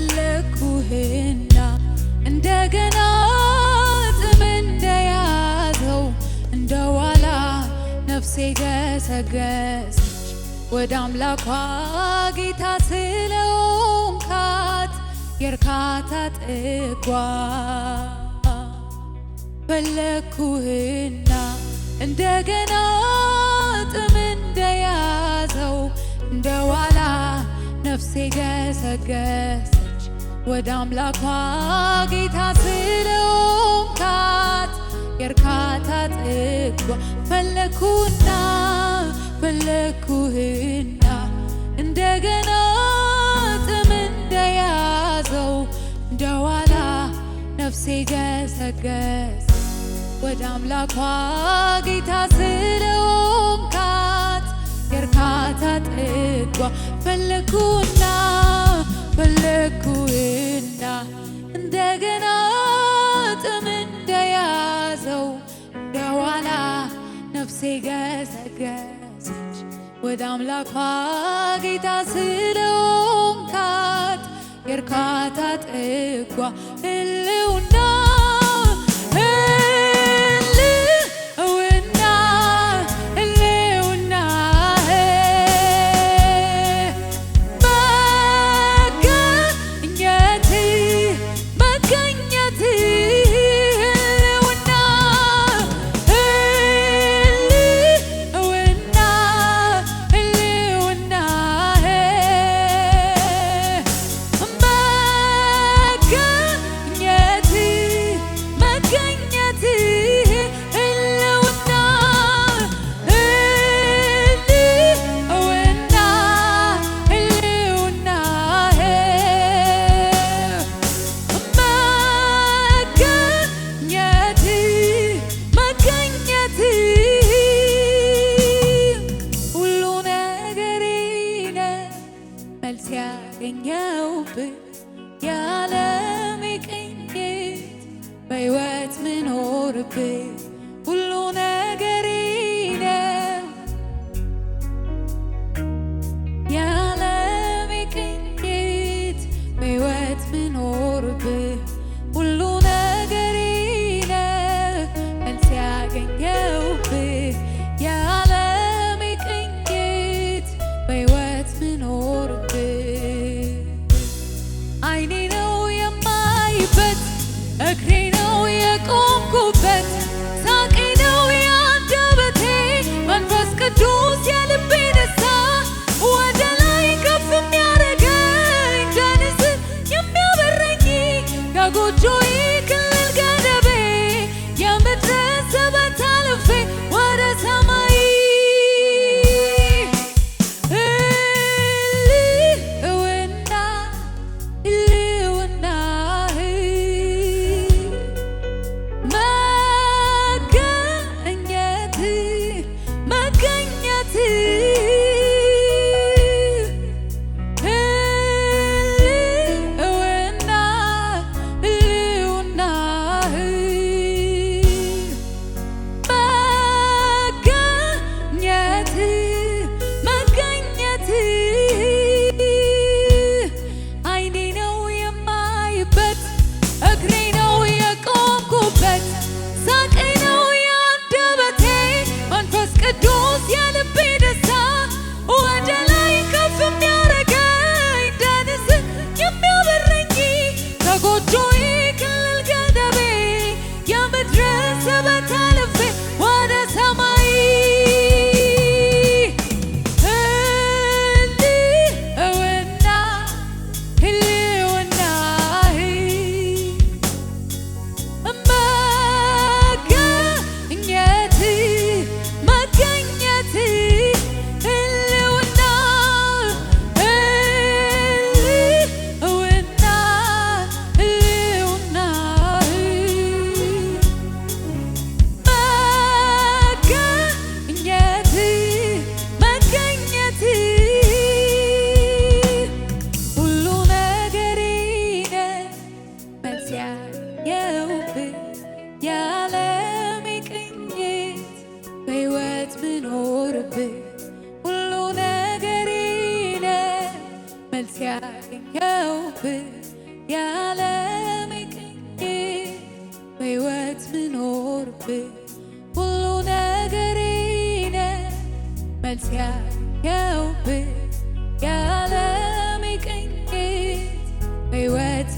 ፈለግኩህና እንደገና ጥም እንደያዘው እንደዋላ ነፍሴ ገሰገሰች ወደ አምላኳ ጌታ ስለሆንካት የእርካታ ጥጓ ፈለግኩህና እንደገና ጥም እንደያዘው እንደዋላ ነፍሴ ገሰገሰ ወደ አምላኳ ጌታ ስለሆንካት የእርካታ ጥጓ ፈለኩና ፈለኩህና እንደገና ጥም እንደያዘው እንደዋላ ነፍሴ ገሰገስ ወደ አምላኳ ጌታ ስለሆንካት የእርካታ ጥጓ ፈለኩና ሆንኩና እንደገና ጥም እንደያዘው እንደዋላ ነፍሴ ገሰገሰች ወደ አምላኳ ጌታ ስለሆንካት የእርካታ ጥጓ ህልውና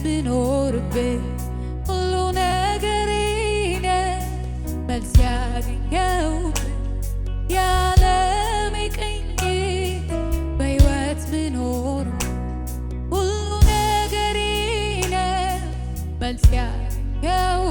ስኖርበት ሁሉ ነገሬ ነው መልስ ያገኘው ያለሜ ቅኝ በሕይወት ምኖር ሁሉ ነገሬ ነው መልስ ያገኘው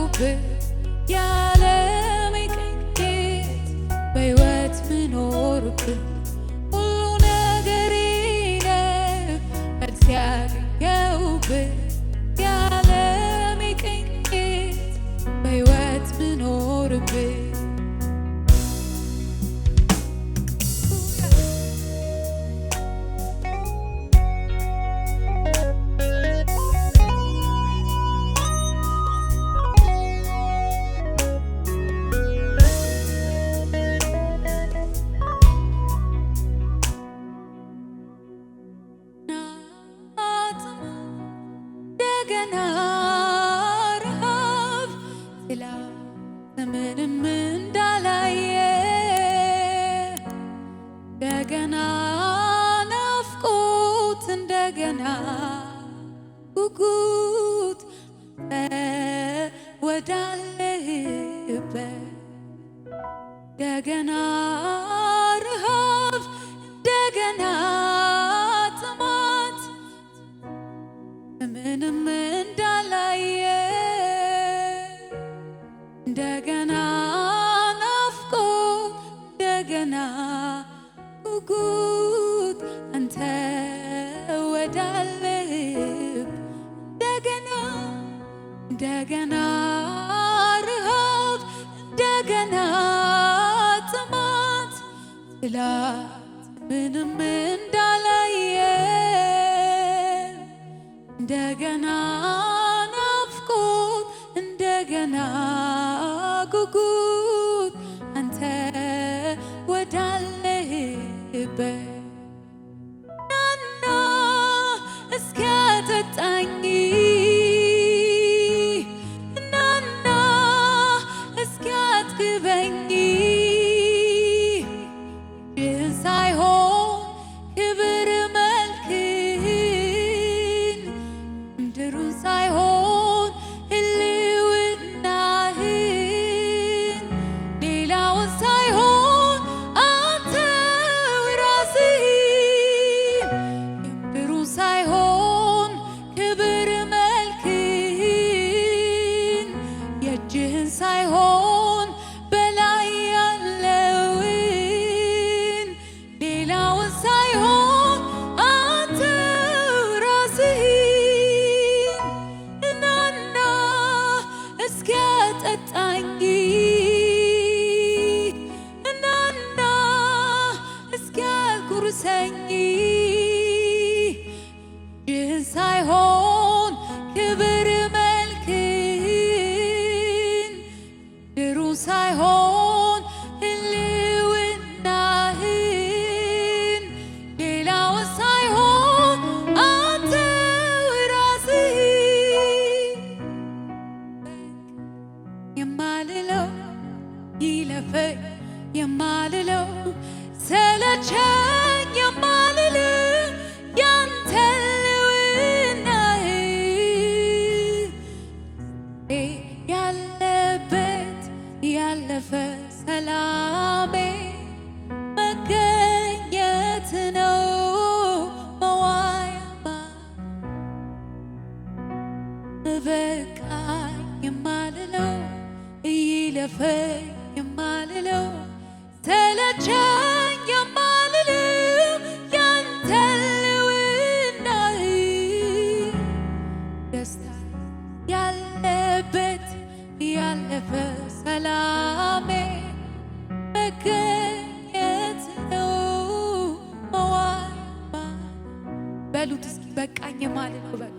ይረዳል እንደገና እንደገና ረሃብ እንደገና ጥማት ጥላት ምንም እንዳላየ እንደገና ያለፈ ሰላሜ መገኘት ነው። መዋል በሉት እስኪ በቃኝ ማለት ነው።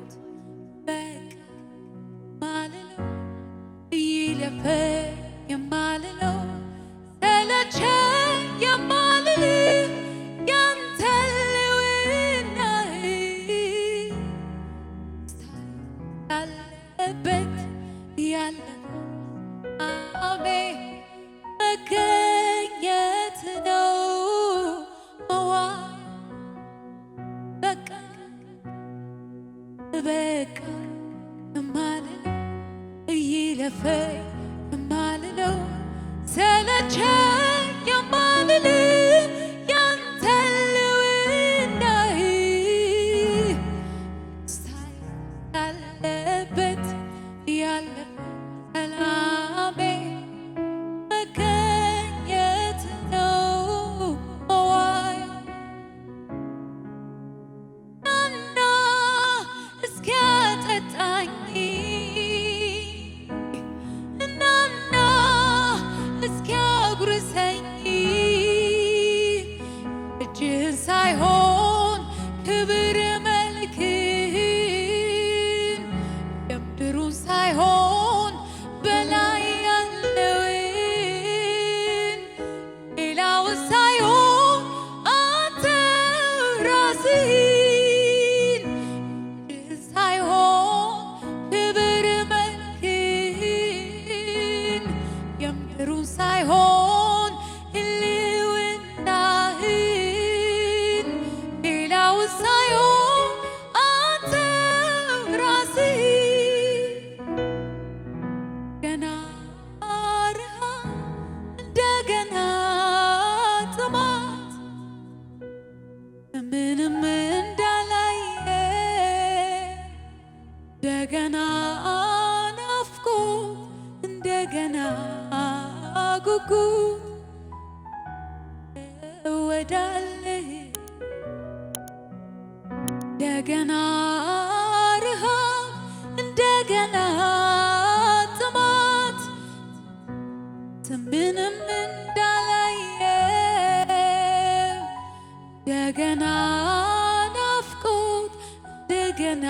ናፍቆት እንደገና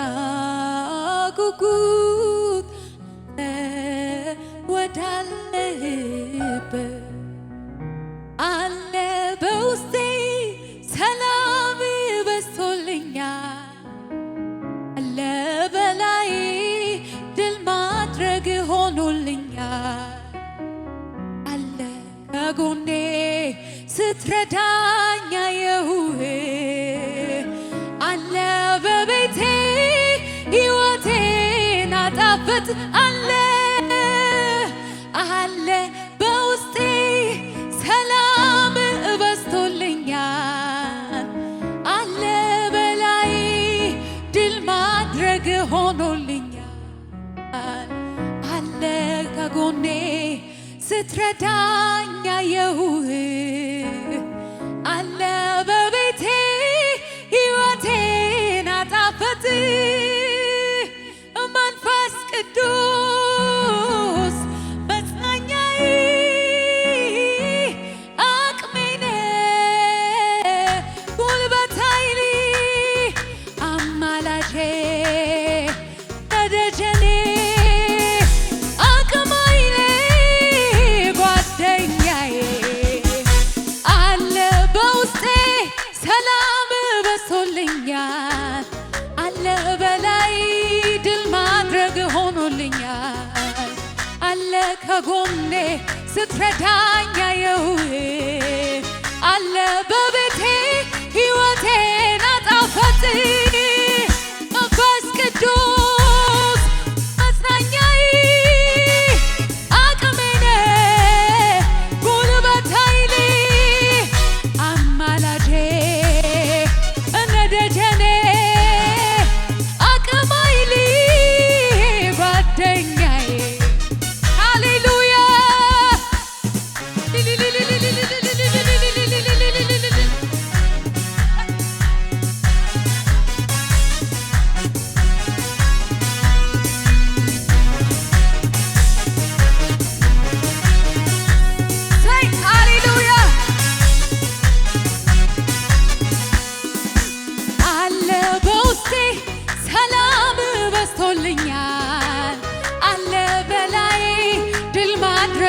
ጉጉት ወዳለህበት አለ በውስጤ ሰላም በዝቶልኛል አለ በላይ ድል ማድረግ ሆኖልኛ አለ ከጎኔ ስትረዳኛ የሁ አለ በውስጤ ሰላም በዝቶልኛል አለ በላይ ድል ማድረግ ሆኖልኛል አለ ከጎኔ ስትረዳኝ አየሁህ አለ በቤቴ ሕይወቴን አጣፈጥ መንፈስ ቅዱስ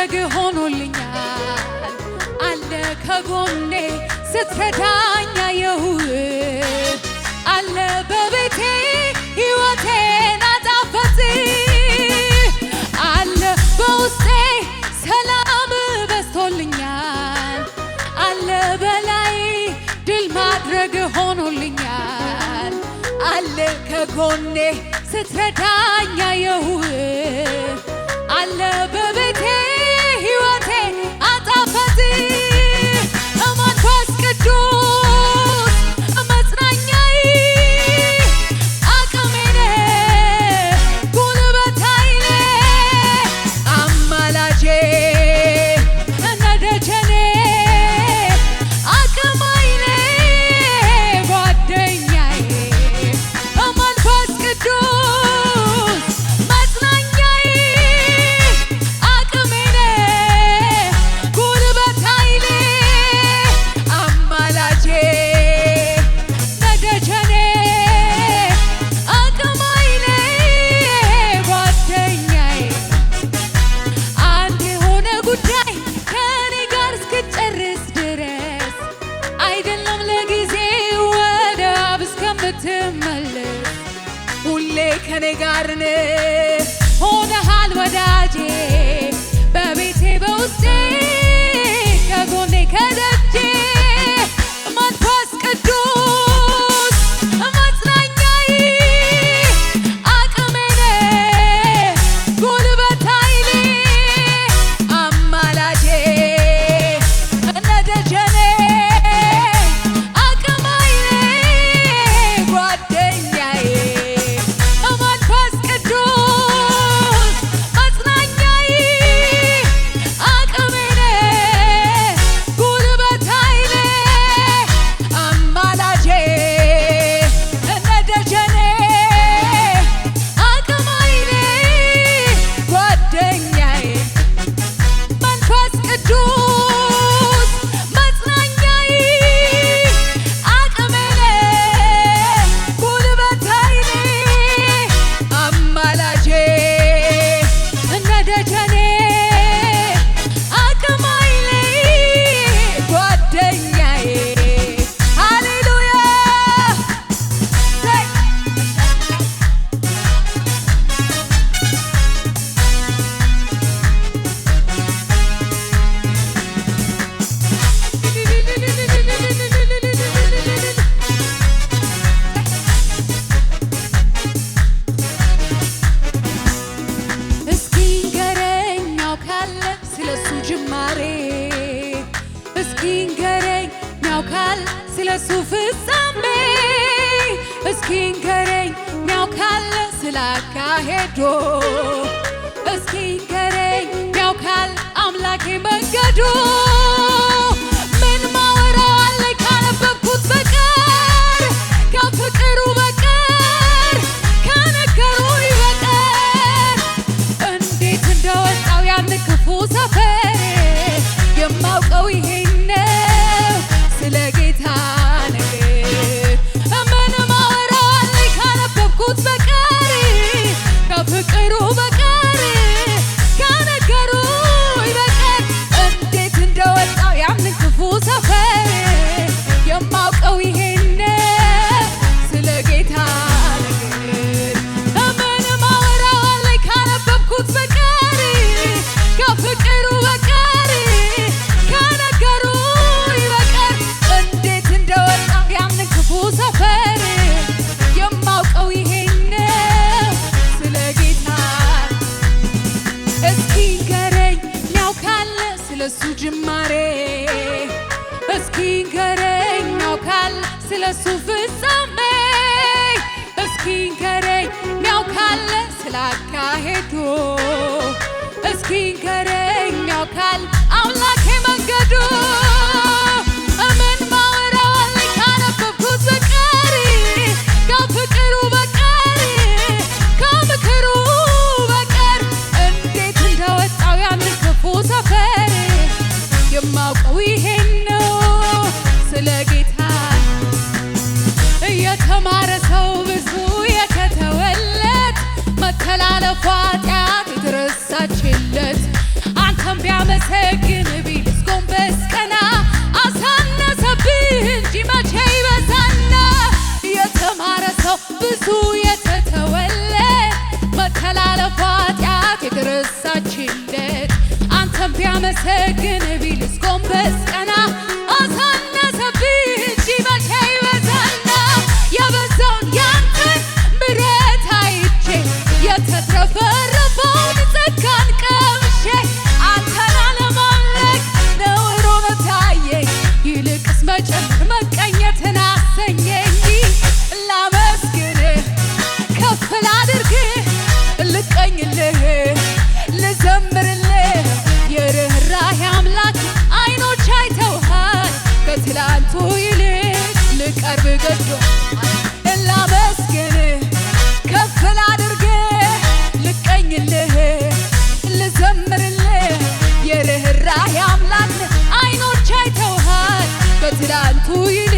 ማድረግ ሆኖልኛል አለ ከጎኔ ስትረዳኛ የሁ አለ በቤቴ ሕይወቴን አጣፈጥ አለ በውስጤ ሰላም በዝቶልኛል አለ በላይ ድል ማድረግ ሆኖልኛል አለ ከጎኔ ስትረዳኛ የሁ አለ በቤ እሱ ፍጻሜ እስኪ ንገረኝ ያው ካለ ስላካሄዱ እስኪ ንገረኝ ካለ አምላኬ sé que tu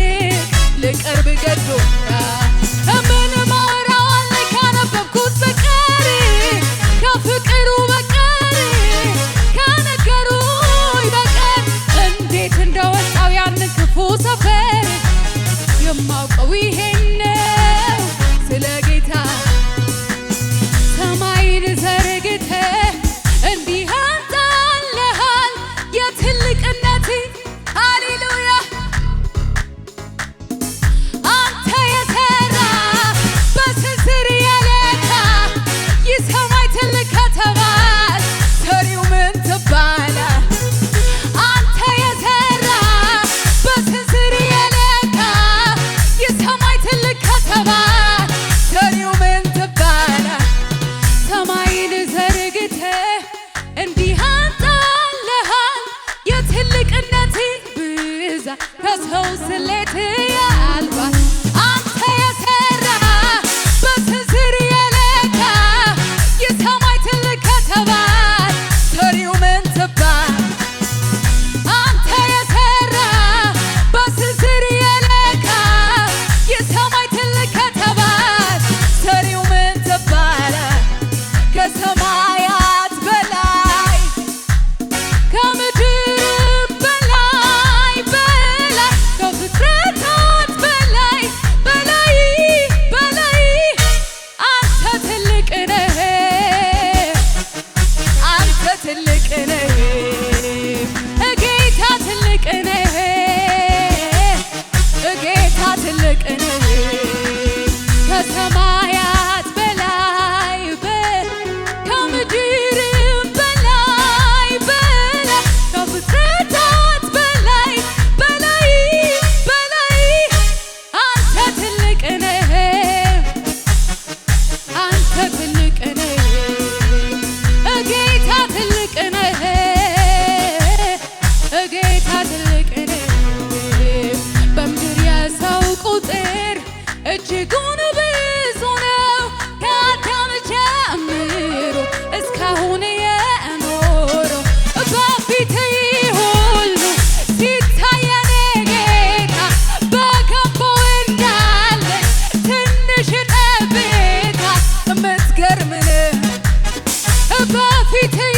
close to let it above he takes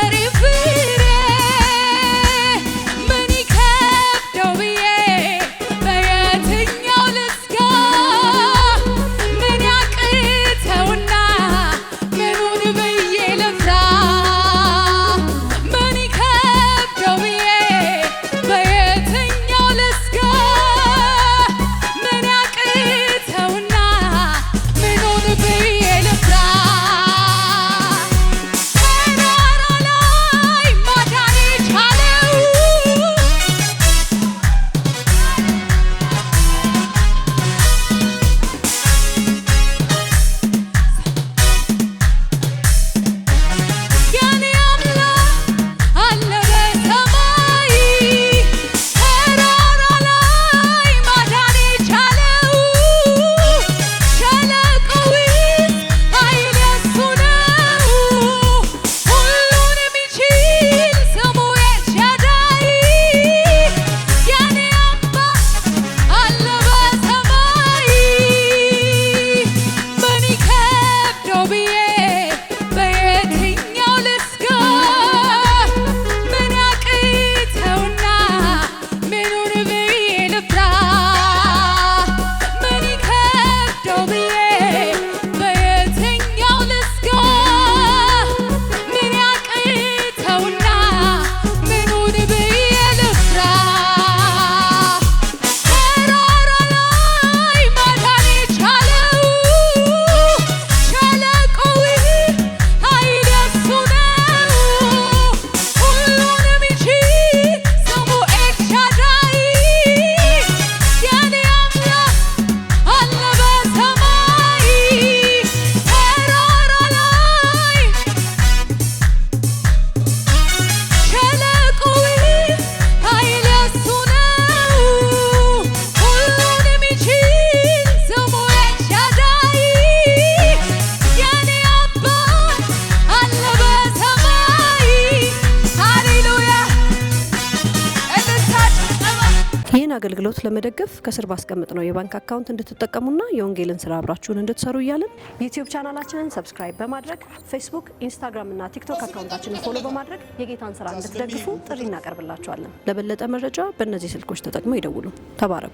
very, very ለመደገፍ ከስር ባስቀምጥ ነው የባንክ አካውንት እንድትጠቀሙና የወንጌልን ስራ አብራችሁን እንድትሰሩ እያለን ዩቲዩብ ቻናላችንን ሰብስክራይብ በማድረግ ፌስቡክ፣ ኢንስታግራም እና ቲክቶክ አካውንታችንን ፎሎ በማድረግ የጌታን ስራ እንድትደግፉ ጥሪ እናቀርብላችኋለን። ለበለጠ መረጃ በእነዚህ ስልኮች ተጠቅመው ይደውሉ። ተባረኩ።